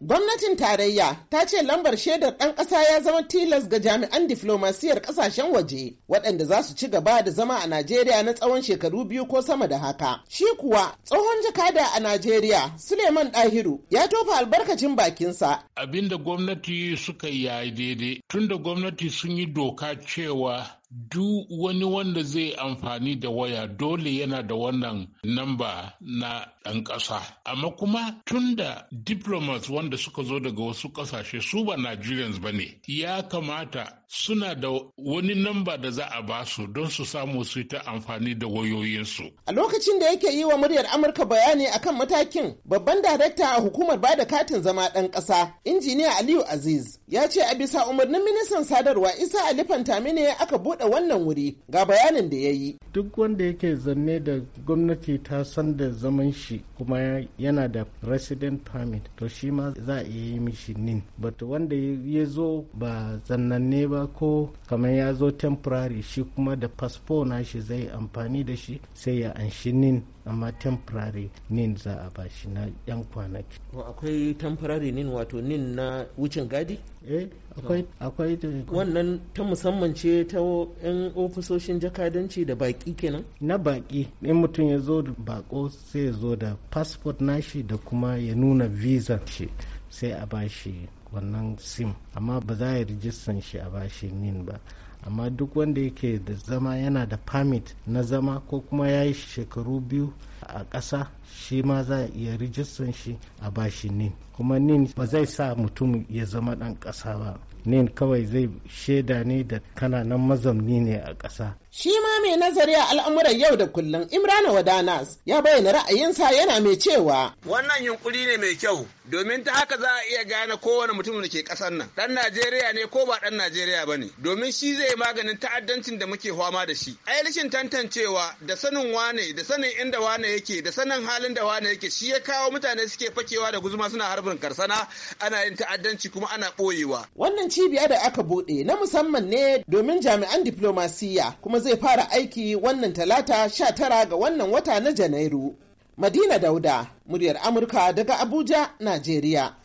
Gwamnatin tarayya ta ce lambar shaidar ɗan ƙasa ya zama tilas ga jami'an diflomasiyar ƙasashen waje waɗanda za su ci gaba da zama a Najeriya na tsawon shekaru biyu ko sama da haka. Shi kuwa tsohon jakada a Najeriya Suleiman Dahiru ya tofa albarkacin bakinsa. Abinda da gwamnati suka yi daidai tunda gwamnati sun yi doka cewa duk wani wanda zai amfani da waya dole yana da wannan namba na ɗan ƙasa. Amma kuma tunda diplomats wanda suka zo daga wasu ƙasashe su ba Nigerians ba ne, ya kamata suna da wani namba da za a basu don su samu su ta amfani da wayoyinsu. A lokacin da yake yi wa muryar Amurka bayani a kan matakin babban darakta a hukumar bada katin zama ɗan ƙasa injiniya Aliyu Aziz ya ce a bisa umarnin ministan sadarwa Isa Ali Fantami ne aka buɗe wannan wuri ga bayanin da ya yi. Duk wanda yake zanne da gwamnati ta san da zaman shi kuma yana da resident permit to shi ma za a yi mishi nin. bata wanda ya zo ba zannanne ba ba ko kamar ya zo temporary shi kuma da fasfo na shi zai amfani da shi sai ya anshi nin amma temporary nin za a ba shi na yan kwanaki akwai temporary nin wato nin na wucin gadi eh akwai akwai wannan ta musamman ce ta yan ofisoshin jakadanci da baki kenan na baki in mutum ya zo da bako sai ya zo da passport shi da kuma ya nuna visa shi sai a ba shi wannan sim amma ba za a rijistan shi a bashi nin ba amma duk wanda yake da zama yana da permit na zama ko kuma ya yi shekaru biyu a ƙasa shi ma za a iya rijistan shi a bashi nin kuma nin ba zai sa mutum ya zama ɗan ƙasa ba nin kawai zai shaida ne da kananan mazamni ne a ƙasa. Shi ma mai nazari a al'amuran yau da kullum Imrana Wadanas ya bayyana ra'ayinsa yana mai cewa. Wannan yunkuri ne mai kyau domin ta haka za a iya gane kowane mutumin da ke ƙasar nan ɗan Najeriya ne ko ba ɗan Najeriya ba ne domin shi zai maganin ta'addancin da muke fama da shi. Ai rashin tantancewa da sanin wane da sanin inda wane yake da sanin halin da wane yake shi ya kawo mutane suke fakewa da guzuma suna harbin karsana ana yin ta'addanci kuma ana ɓoyewa. Wannan cibiya da aka buɗe na musamman ne domin jami'an diplomasiya kuma zai fara aiki wannan talata sha tara ga wannan wata na Janairu. Madina Dauda, muryar Amurka daga Abuja, Najeriya.